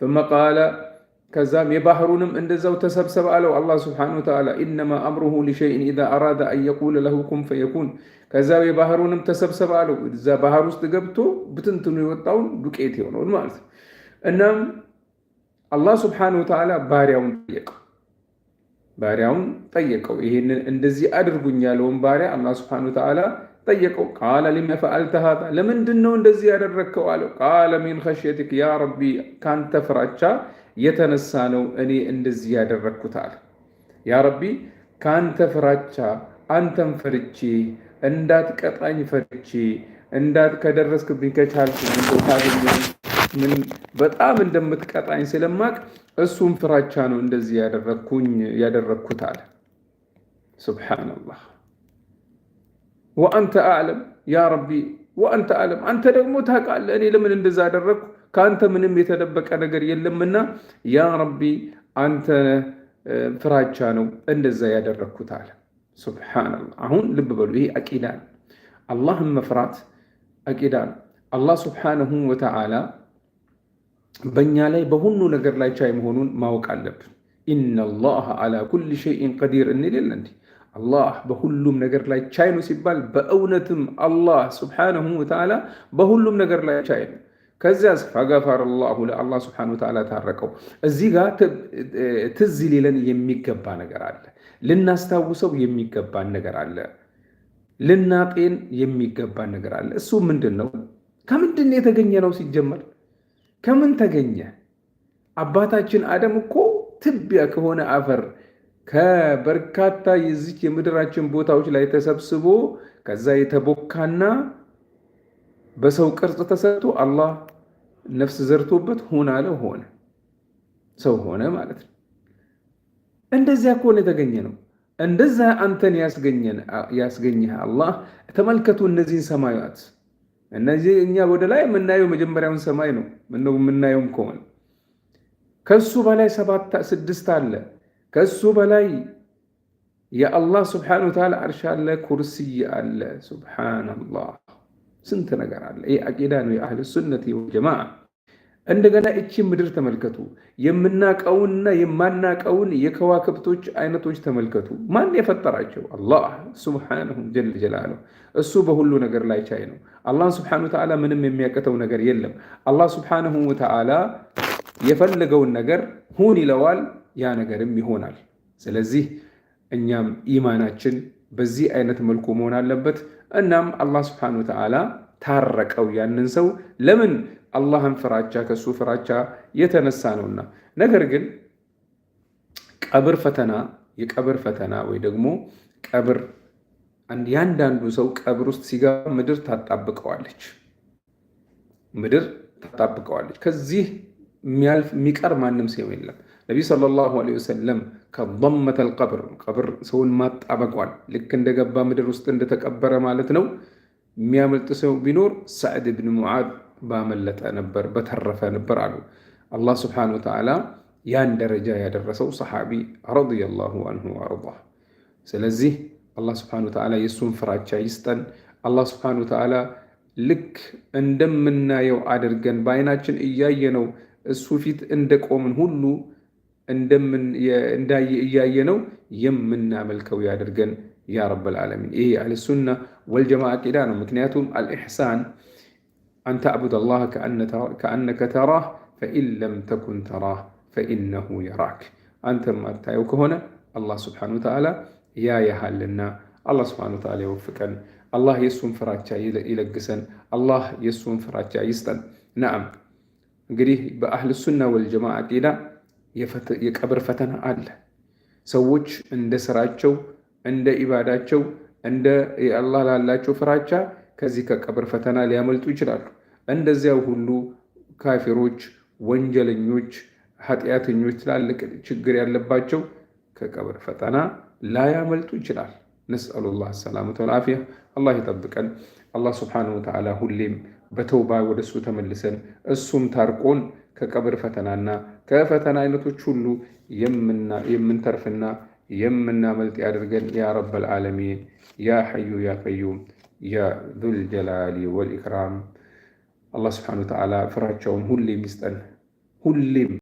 ثم قال ከዛም የባህሩንም እንደዛው ተሰብሰብ አለው። አላህ ስብሓነሁ ወተዓላ ኢነማ አምሩሁ ሊሸይኢን ኢዛ አራደ አን የቁለ ለሁ ኩን ፈየኩን። ከዛ የባህሩንም ተሰብሰብ አለው። እዛ ባህር ውስጥ ገብቶ ብትንትኑ የወጣውን ዱቄት የሆነውን ማለት ነው። እናም አላህ ስብሓነሁ ወተዓላ ባሪያውን ጠየቀው ባሪያውን ጠየቀው። ይህንን እንደዚህ አድርጉኝ ያለውን ባሪያ አላህ ስብሓነሁ ወተዓላ ጠየቀው። ቃለ ሊመ ፈአልተ ሃዛ ለምንድን ነው እንደዚህ ያደረግከው አለው። ቃለ ሚን ኸሽየቲክ ያ ረቢ ካንተ ፍራቻ የተነሳ ነው እኔ እንደዚህ ያደረግኩት አለ። ያ ረቢ ካንተ ፍራቻ አንተን ፈርቼ እንዳትቀጣኝ ፈርቼ እንዳት ከደረስክብኝ ከቻልኩ ምን በጣም እንደምትቀጣኝ ስለማቅ እሱም ፍራቻ ነው እንደዚህ ያደረግኩኝ ያደረግኩት አለ። ሱብሓነላህ ወአንተ አዕለም ያ ረቢ ወአንተ አዕለም፣ አንተ ደግሞ ታውቃለህ። እኔ ለምን እንደዛ አደረግኩ? ከአንተ ምንም የተደበቀ ነገር የለምና ያ ረቢ አንተ ፍራቻ ነው እንደዛ ያደረግኩት አለ። ሱብሓነላህ። አሁን ልብ በሉ፣ ይሄ አቂዳ ነው። አላህን መፍራት አቂዳ ነው። አላህ ሱብሓነሁ ወተዓላ በእኛ ላይ በሁሉ ነገር ላይ ቻይ መሆኑን ማወቅ አለብን። ኢነላህ ዓላ ኩሊ ሸይን ቀዲር እንል የለ እንዲህ አላህ በሁሉም ነገር ላይ ቻይ ነው ሲባል በእውነትም አላህ ስብሓነሁ ወተዓላ በሁሉም ነገር ላይ ቻይ ነው። ከዚያስ ፈገፈረ ላሁ ለአላህ ስብሓነሁ ወተዓላ ታረቀው። እዚህ ጋር ትዝ ሊለን የሚገባ ነገር አለ። ልናስታውሰው የሚገባን ነገር አለ። ልናጤን የሚገባን ነገር አለ። እሱ ምንድን ነው? ከምንድን የተገኘ ነው? ሲጀመር ከምን ተገኘ? አባታችን አደም እኮ ትቢያ ከሆነ አፈር ከበርካታ የዚች የምድራችን ቦታዎች ላይ ተሰብስቦ ከዛ የተቦካና በሰው ቅርጽ ተሰጥቶ አላህ ነፍስ ዘርቶበት ሁን አለ ሆነ፣ ሰው ሆነ ማለት ነው። እንደዚያ ከሆነ የተገኘ ነው። እንደዛ አንተን ያስገኘህ አላህ ተመልከቱ፣ እነዚህን ሰማያት እነዚህ እኛ ወደ ላይ የምናየው መጀመሪያውን ሰማይ ነው፣ ምነው የምናየውም ከሆነ ከሱ በላይ ስድስት አለ ከሱ በላይ የአላህ ስብሓነ ወተዓላ አርሽ አለ፣ ኩርስይ አለ። ሱብሓነላህ ስንት ነገር አለ። ይህ አቂዳ ነው የአህል ሱነት ወልጀማዓ። እንደገና እቺ ምድር ተመልከቱ። የምናቀውንና የማናቀውን የከዋክብቶች አይነቶች ተመልከቱ። ማን የፈጠራቸው? አላህ ሱብሓነሁ ጀለ ጀላሉ። እሱ በሁሉ ነገር ላይ ቻይ ነው። አላህን ስብሓነ ወተዓላ ምንም የሚያቀተው ነገር የለም። አላህ ስብሓነሁ ወተዓላ የፈለገውን ነገር ሁን ይለዋል። ያ ነገርም ይሆናል። ስለዚህ እኛም ኢማናችን በዚህ አይነት መልኩ መሆን አለበት። እናም አላህ ስብሐነሁ ወተዓላ ታረቀው ያንን ሰው ለምን? አላህን ፍራቻ ከሱ ፍራቻ የተነሳ ነውና። ነገር ግን ቀብር ፈተና የቀብር ፈተና ወይ ደግሞ ቀብር ያንዳንዱ ሰው ቀብር ውስጥ ሲገባ ምድር ታጣብቀዋለች፣ ምድር ታጣብቀዋለች። ከዚህ የሚቀር ማንም ሰው የለም። ነቢዩ ሰለላሁ ዐለይሂ ወሰለም ከመተል ቀብር ቀብር ሰውን ማጣበቋል ልክ እንደገባ ምድር ውስጥ እንደተቀበረ ማለት ነው። የሚያመልጥ ሰው ቢኖር ሰዕድ ብን ሙዓዝ ባመለጠ ነበር በተረፈ ነበር አሉ። አላህ ስብሓነሁ ወተዓላ ያን ደረጃ ያደረሰው ሰሓቢ ረዲየላሁ አንሁ ወአርዳህ። ስለዚህ አላህ ስብሓነሁ ወተዓላ የእሱን ፍራቻ ይስጠን። አላህ ስብሓነሁ ወተዓላ ልክ እንደምናየው አድርገን በአይናችን እያየነው እሱ ፊት እንደቆምን ሁሉ እያየ ነው የምናመልከው ያድርገን ያ ረበል ዓለሚን። ይሄ አህልሱና ወልጀማ አቂዳ ነው። ምክንያቱም አልኢሕሳን አን ተዕቡድ አላህ ከአነከ ተራህ ፈኢን ለም ተኩን ተራህ ፈኢነሁ የራክ። አንተ ማታየው ከሆነ አላህ ስብሓነ ወተዓላ ያያሃልና አላህ ስብሓነ ወተዓላ ይወፍቀን። አላህ የእሱን ፍራቻ ይለግሰን። አላህ የእሱን ፍራቻ ይስጠን። ነዓም እንግዲህ በአህልሱና ወልጀማ አቂዳ የቀብር ፈተና አለ። ሰዎች እንደ ስራቸው፣ እንደ ኢባዳቸው፣ እንደ አላህ ላላቸው ፍራቻ ከዚህ ከቀብር ፈተና ሊያመልጡ ይችላሉ። እንደዚያው ሁሉ ካፊሮች፣ ወንጀለኞች፣ ኃጢአተኞች፣ ትላልቅ ችግር ያለባቸው ከቀብር ፈተና ላያመልጡ ይችላል። ነስአሉላህ ሰላመተ ወልዓፊያ። አላህ ይጠብቀን። አላህ ስብሓነሁ ወተዓላ ሁሌም በተውባ ወደ እሱ ተመልሰን እሱም ታርቆን ከቀብር ፈተናና ከፈተና አይነቶች ሁሉ የምንተርፍና የምናመልጥ ያድርገን። ያ ረበል ዓለሚን ያ ሐዩ ያ ቀዩም ያ ዙል ጀላሊ ወልኢክራም። አላህ ስብሓነሁ ወተዓላ ፍራቻውን ሁሌም ይስጠን ሁሌም